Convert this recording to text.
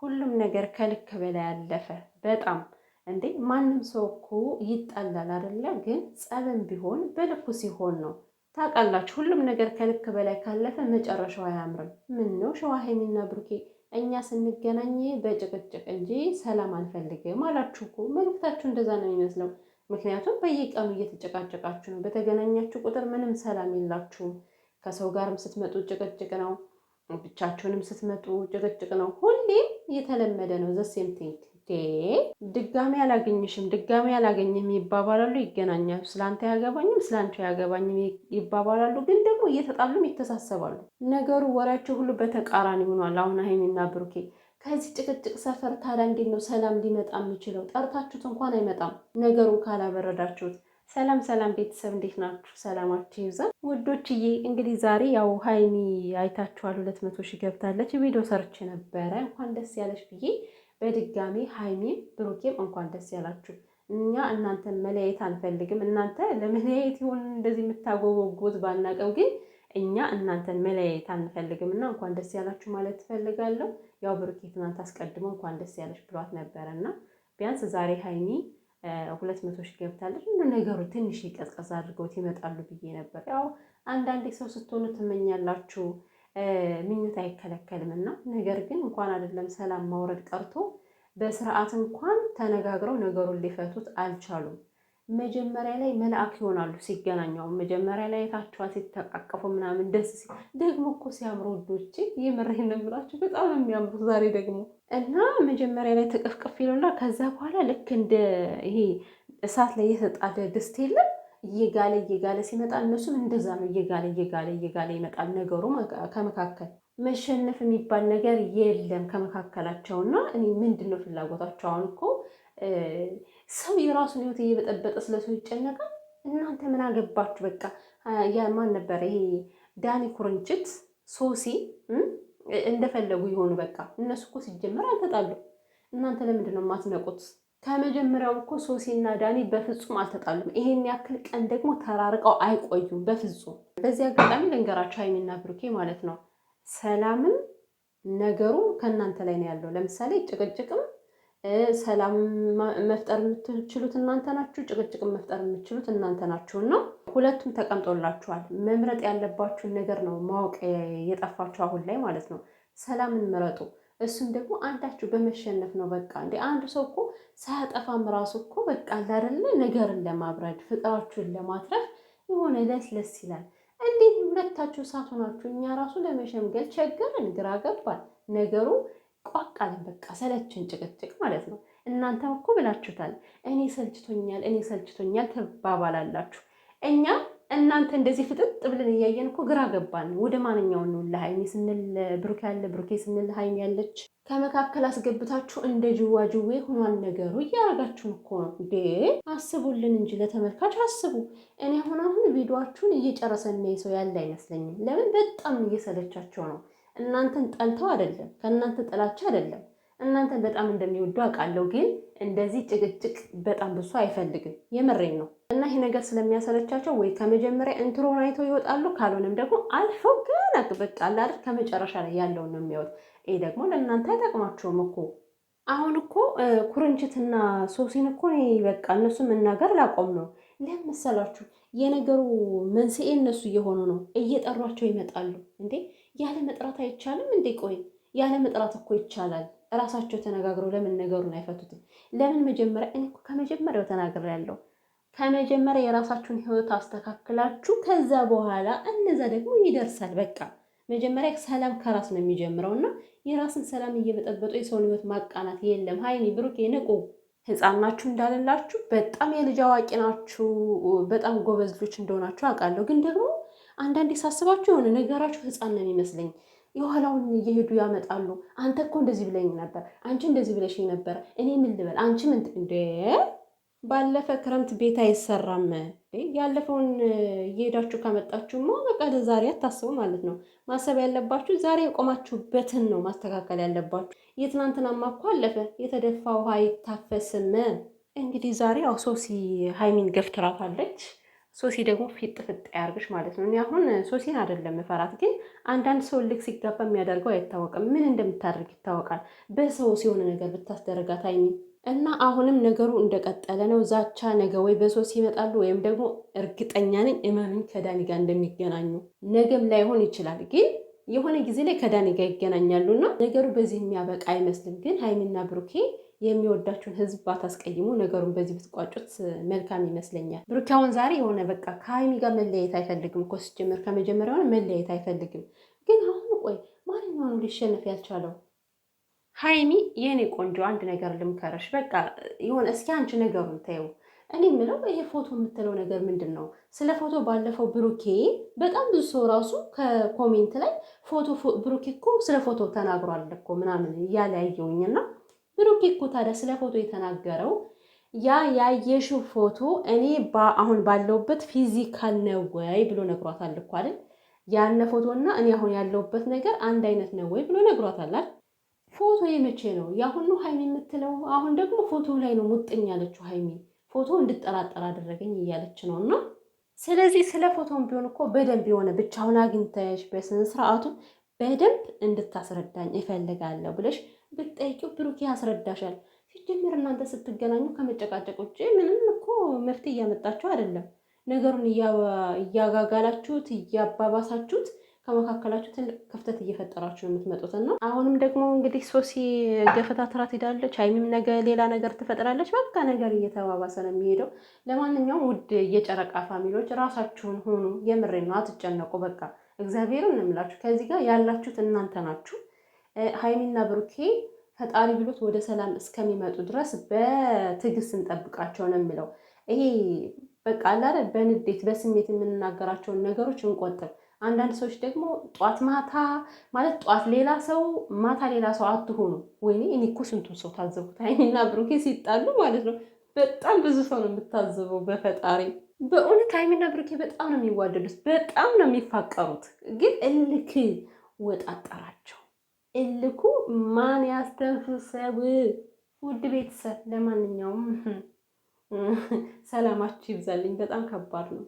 ሁሉም ነገር ከልክ በላይ ያለፈ በጣም እንዴ ማንም ሰው እኮ ይጣላል አይደለ? ግን ጸብም ቢሆን በልኩ ሲሆን ነው። ታውቃላችሁ፣ ሁሉም ነገር ከልክ በላይ ካለፈ መጨረሻው አያምርም። ምን ነው ሸዋ ሀይሚና ብሩኬ እኛ ስንገናኝ በጭቅጭቅ እንጂ ሰላም አንፈልግም አላችሁ እኮ። መልክታችሁ እንደዛ ነው የሚመስለው። ምክንያቱም በየቀኑ እየተጨቃጨቃችሁ ነው። በተገናኛችሁ ቁጥር ምንም ሰላም የላችሁም። ከሰው ጋርም ስትመጡ ጭቅጭቅ ነው። ብቻችሁንም ስትመጡ ጭቅጭቅ ነው። ሁሌም የተለመደ ነው። ዘሴም ቲንግ ድጋሚ አላገኝሽም፣ ድጋሚ አላገኝም ይባባላሉ፣ ይገናኛሉ። ስለአንተ ያገባኝም ስለአንቺ ያገባኝም ይባባላሉ። ግን ደግሞ እየተጣሉም ይተሳሰባሉ። ነገሩ ወሬያቸው ሁሉ በተቃራኒ ሆኗል። አሁን ሀይሚና ብሩኬ ከዚህ ጭቅጭቅ ሰፈር ታዲያ እንዴት ነው ሰላም ሊመጣ የሚችለው? ጠርታችሁት እንኳን አይመጣም ነገሩን ካላበረዳችሁት። ሰላም ሰላም ቤተሰብ እንዴት ናችሁ? ሰላማችሁ ይብዛ ውዶችዬ። እንግዲህ ዛሬ ያው ሀይሚ አይታችኋል፣ ሁለት መቶ ሺህ ገብታለች። ቪዲዮ ሰርች ነበረ እንኳን ደስ ያለች ብዬ በድጋሚ ሀይሚም ብሩኬም እንኳን ደስ ያላችሁ። እኛ እናንተን መለያየት አንፈልግም። እናንተ ለመለያየት ይሆን እንደዚህ የምታጎበጎት ባናቀው፣ ግን እኛ እናንተን መለያየት አንፈልግም እና እንኳን ደስ ያላችሁ ማለት ትፈልጋለሁ። ያው ብሩኬ ትናንት አስቀድሞ እንኳን ደስ ያለች ብሏት ነበረ እና ቢያንስ ዛሬ ሀይሚ ሁለት መቶ ሺህ ገብታለች። እንደ ነገሩ ትንሽ ቀዝቀዝ አድርገውት ይመጣሉ ብዬ ነበር። ያው አንዳንዴ ሰው ስትሆኑ ትመኛላችሁ፣ ምኞት አይከለከልም እና ነገር ግን እንኳን አይደለም ሰላም ማውረድ ቀርቶ በስርዓት እንኳን ተነጋግረው ነገሩን ሊፈቱት አልቻሉም። መጀመሪያ ላይ መልአክ ይሆናሉ ሲገናኘው መጀመሪያ ላይ የታችዋ ሲተቃቀፉ ምናምን ደስ ሲል ደግሞ እኮ ሲያምሩ ወዶች የምሬን ነው በጣም ነው የሚያምሩ ዛሬ ደግሞ እና መጀመሪያ ላይ ተቀፍቀፍ ይሉና ከዛ በኋላ ልክ እንደ ይሄ እሳት ላይ የተጣደ ድስት የለም እየጋለ እየጋለ ሲመጣ እነሱም እንደዛ ነው እየጋለ እየጋለ እየጋለ ይመጣል ነገሩ ከመካከል መሸነፍ የሚባል ነገር የለም ከመካከላቸውና እኔ ምንድን ነው ፍላጎታቸው አሁን እኮ ሰው የራሱን ህይወት እየበጠበጠ ስለ ሰው ይጨነቃል። እናንተ ምን አገባችሁ? በቃ ማን ነበረ ይሄ ዳኒ ኩርንችት ሶሲ እንደፈለጉ የሆኑ በቃ እነሱ እኮ ሲጀመር አልተጣሉ። እናንተ ለምንድን ነው የማትነቁት? ከመጀመሪያው እኮ ሶሲ እና ዳኒ በፍጹም አልተጣሉም። ይሄን ያክል ቀን ደግሞ ተራርቀው አይቆዩም በፍጹም። በዚህ አጋጣሚ ልንገራቸው ሀይሚና ብሩኬ ማለት ነው ሰላምም ነገሩ ከእናንተ ላይ ነው ያለው። ለምሳሌ ጭቅጭቅም ሰላም መፍጠር የምትችሉት እናንተ ናችሁ፣ ጭቅጭቅን መፍጠር የምትችሉት እናንተ ናችሁ እና ሁለቱም ተቀምጦላችኋል። መምረጥ ያለባችሁን ነገር ነው ማወቅ የጠፋችሁ አሁን ላይ ማለት ነው። ሰላምን ምረጡ። እሱም ደግሞ አንዳችሁ በመሸነፍ ነው። በቃ እንደ አንዱ ሰው እኮ ሳያጠፋም ራሱ እኮ በቃ እንዳደለ ነገርን ለማብረድ ፍቅራችሁን ለማትረፍ የሆነ ለስለስ ይላል። እንዴት ሁለታችሁ እሳት ሆናችሁ እኛ ራሱ ለመሸምገል ቸገረን፣ ግራ ገባል ነገሩ ቋቅ አለን። በቃ ሰለችን ጭቅጭቅ ማለት ነው። እናንተም እኮ ብላችሁታል። እኔ ሰልችቶኛል፣ እኔ ሰልችቶኛል ትባባላላችሁ። እኛ እናንተ እንደዚህ ፍጥጥ ብለን እያየን እኮ ግራ ገባን። ወደ ማንኛው ነው ለሀይሚ ስንል ብሩክ ያለ፣ ብሩኬ ስንል ሀይሚ ያለች፣ ከመካከል አስገብታችሁ እንደ ጅዋ ጅዌ ሆኗል ነገሩ። እያረጋችሁን እኮ ነው እንዴ! አስቡልን እንጂ ለተመልካች አስቡ። እኔ አሁን አሁን ቪዲዮችሁን እየጨረሰ ሰው ያለ አይመስለኝም። ለምን በጣም እየሰለቻቸው ነው እናንተን ጠልተው አይደለም፣ ከእናንተ ጥላቻ አይደለም። እናንተን በጣም እንደሚወዱ አውቃለሁ፣ ግን እንደዚህ ጭቅጭቅ በጣም ብሶ አይፈልግም። የምሬን ነው። እና ይሄ ነገር ስለሚያሰለቻቸው ወይ ከመጀመሪያ እንትሮን አይተው ይወጣሉ፣ ካልሆነም ደግሞ አልፈው ገና በቃ አይደል ከመጨረሻ ላይ ያለውን ነው የሚያወጥ። ይሄ ደግሞ ለእናንተ አይጠቅማቸውም እኮ አሁን እኮ ኩርንችትና ሶሲን እኮ በቃ እነሱ መናገር ላቆም ነው ለምን መሰላችሁ? የነገሩ መንስኤ እነሱ እየሆኑ ነው። እየጠሯቸው ይመጣሉ። እንዴ ያለ መጥራት አይቻልም እንዴ? ቆይ ያለ መጥራት እኮ ይቻላል። እራሳቸው ተነጋግረው ለምን ነገሩን አይፈቱትም? ለምን መጀመሪያ እኔ እኮ ከመጀመሪያው ያለው ከመጀመሪያ የራሳችሁን ህይወት አስተካክላችሁ ከዛ በኋላ እነዛ ደግሞ ይደርሳል። በቃ መጀመሪያ ሰላም ከራስ ነው የሚጀምረው እና የራስን ሰላም እየበጠበጡ የሰውን ህይወት ማቃናት የለም። ሀይኒ ብሩክ ንቁ። ህፃን ናችሁ እንዳለላችሁ በጣም የልጅ አዋቂ ናችሁ፣ በጣም ጎበዝ ልጆች እንደሆናችሁ አውቃለሁ። ግን ደግሞ አንዳንዴ ሳስባችሁ የሆነ ነገራችሁ ህፃን ነው የሚመስለኝ። የኋላውን እየሄዱ ያመጣሉ። አንተ እኮ እንደዚህ ብለኝ ነበር፣ አንቺ እንደዚህ ብለሽኝ ነበር፣ እኔ ምን ልበል፣ አንቺ ምን እንደ ባለፈ ክረምት ቤት አይሰራም። ያለፈውን እየሄዳችሁ ካመጣችሁማ በቃ ለዛሬ አታስቡ ማለት ነው። ማሰብ ያለባችሁ ዛሬ የቆማችሁበትን ነው ማስተካከል ያለባችሁ። የትናንትናማ እኮ አለፈ፣ የተደፋ ውሃ አይታፈስም። እንግዲህ ዛሬ ያው ሶሲ ሀይሚን ገፍትራታለች። ሶሲ ደግሞ ፊጥ ፍጥ ያርግሽ ማለት ነው። እኔ አሁን ሶሲን አይደለም ፈራት ግን አንዳንድ ሰው ልክ ሲጋባ የሚያደርገው አይታወቅም። ምን እንደምታደርግ ይታወቃል። በሰው ሲሆነ ነገር ብታስደረጋት ሀይሚን እና አሁንም ነገሩ እንደቀጠለ ነው። ዛቻ ነገ ወይ በሶስት ይመጣሉ ወይም ደግሞ እርግጠኛ ነኝ እመኑኝ ከዳኒ ጋር እንደሚገናኙ ነገም ላይሆን ይችላል፣ ግን የሆነ ጊዜ ላይ ከዳኒ ጋር ይገናኛሉ እና ነገሩ በዚህ የሚያበቃ አይመስልም። ግን ሀይሚና ብሩኬ የሚወዳችሁን ህዝብ ባታስቀይሙ ነገሩን በዚህ ብትቋጩት መልካም ይመስለኛል። ብሩኬ አሁን ዛሬ የሆነ በቃ ከሀይሚ ጋር መለያየት አይፈልግም እኮ ሲጀመር ከመጀመሪያውን መለያየት አይፈልግም። ግን አሁን ቆይ ማንኛውን ሊሸነፍ ያልቻለው ሀይሚ የእኔ ቆንጆ አንድ ነገር ልምከረሽ። በቃ የሆነ እስኪ አንቺ ነገሩን ተይው። እኔ የምለው ይሄ ፎቶ የምትለው ነገር ምንድን ነው? ስለ ፎቶ ባለፈው ብሩኬ በጣም ብዙ ሰው ራሱ ከኮሜንት ላይ ፎቶ ብሩኬ እኮ ስለ ፎቶ ተናግሯል እኮ ምናምን እያለ ያየውኝና ብሩኬ እኮ ታዲያ ስለ ፎቶ የተናገረው ያ ያየሽው ፎቶ እኔ አሁን ባለውበት ፊዚካል ነው ወይ ብሎ ነግሯታል እኮ አይደል? ያነ ፎቶና እኔ አሁን ያለውበት ነገር አንድ አይነት ነው ወይ ብሎ ነግሯታል። ፎቶ የመቼ ነው የአሁኑ ነው ሀይሚ የምትለው? አሁን ደግሞ ፎቶ ላይ ነው ሙጥኝ ያለችው ሀይሚ ፎቶ እንድጠራጠር አደረገኝ እያለች ነው። እና ስለዚህ ስለ ፎቶም ቢሆን እኮ በደንብ የሆነ ብቻውን አግኝተሽ በስነ ስርዓቱ በደንብ እንድታስረዳኝ እፈልጋለሁ ብለሽ ብትጠይቂው ብሩክ ያስረዳሻል። ሲጀምር እናንተ ስትገናኙ ከመጨቃጨቅ ውጭ ምንም እኮ መፍትሄ እያመጣችሁ አይደለም። ነገሩን እያጋጋላችሁት እያባባሳችሁት ከመካከላችሁ ትልቅ ክፍተት እየፈጠራችሁ ነው የምትመጡት። ነው አሁንም ደግሞ እንግዲህ ሶሲ ገፈታ ትራ ትሄዳለች፣ ሀይሚም ነገ ሌላ ነገር ትፈጥራለች። በቃ ነገር እየተባባሰ ነው የሚሄደው። ለማንኛውም ውድ የጨረቃ ፋሚሊዎች ራሳችሁን ሆኑ። የምሬ ነው፣ አትጨነቁ። በቃ እግዚአብሔርን እንምላችሁ ከዚህ ጋር ያላችሁት እናንተ ናችሁ። ሀይሚና ብሩኬ ፈጣሪ ብሎት ወደ ሰላም እስከሚመጡ ድረስ በትዕግስት እንጠብቃቸው ነው የምለው። ይሄ በቃ አላረ በንዴት በስሜት የምንናገራቸውን ነገሮች እንቆጥብ። አንዳንድ ሰዎች ደግሞ ጠዋት ማታ ማለት ጠዋት ሌላ ሰው ማታ ሌላ ሰው አትሆኑ። ወይኔ እኔ እኮ ስንቱን ሰው ታዘብኩት። ሀይሚና ብሩኬ ሲጣሉ ማለት ነው። በጣም ብዙ ሰው ነው የምታዘበው። በፈጣሪ በእውነት ሀይሚና ብሩኬ በጣም ነው የሚዋደዱት፣ በጣም ነው የሚፋቀሩት። ግን እልክ ወጣጠራቸው። እልኩ ማን ያስተንፍሰብ? ውድ ቤተሰብ፣ ለማንኛውም ሰላማችሁ ይብዛልኝ። በጣም ከባድ ነው።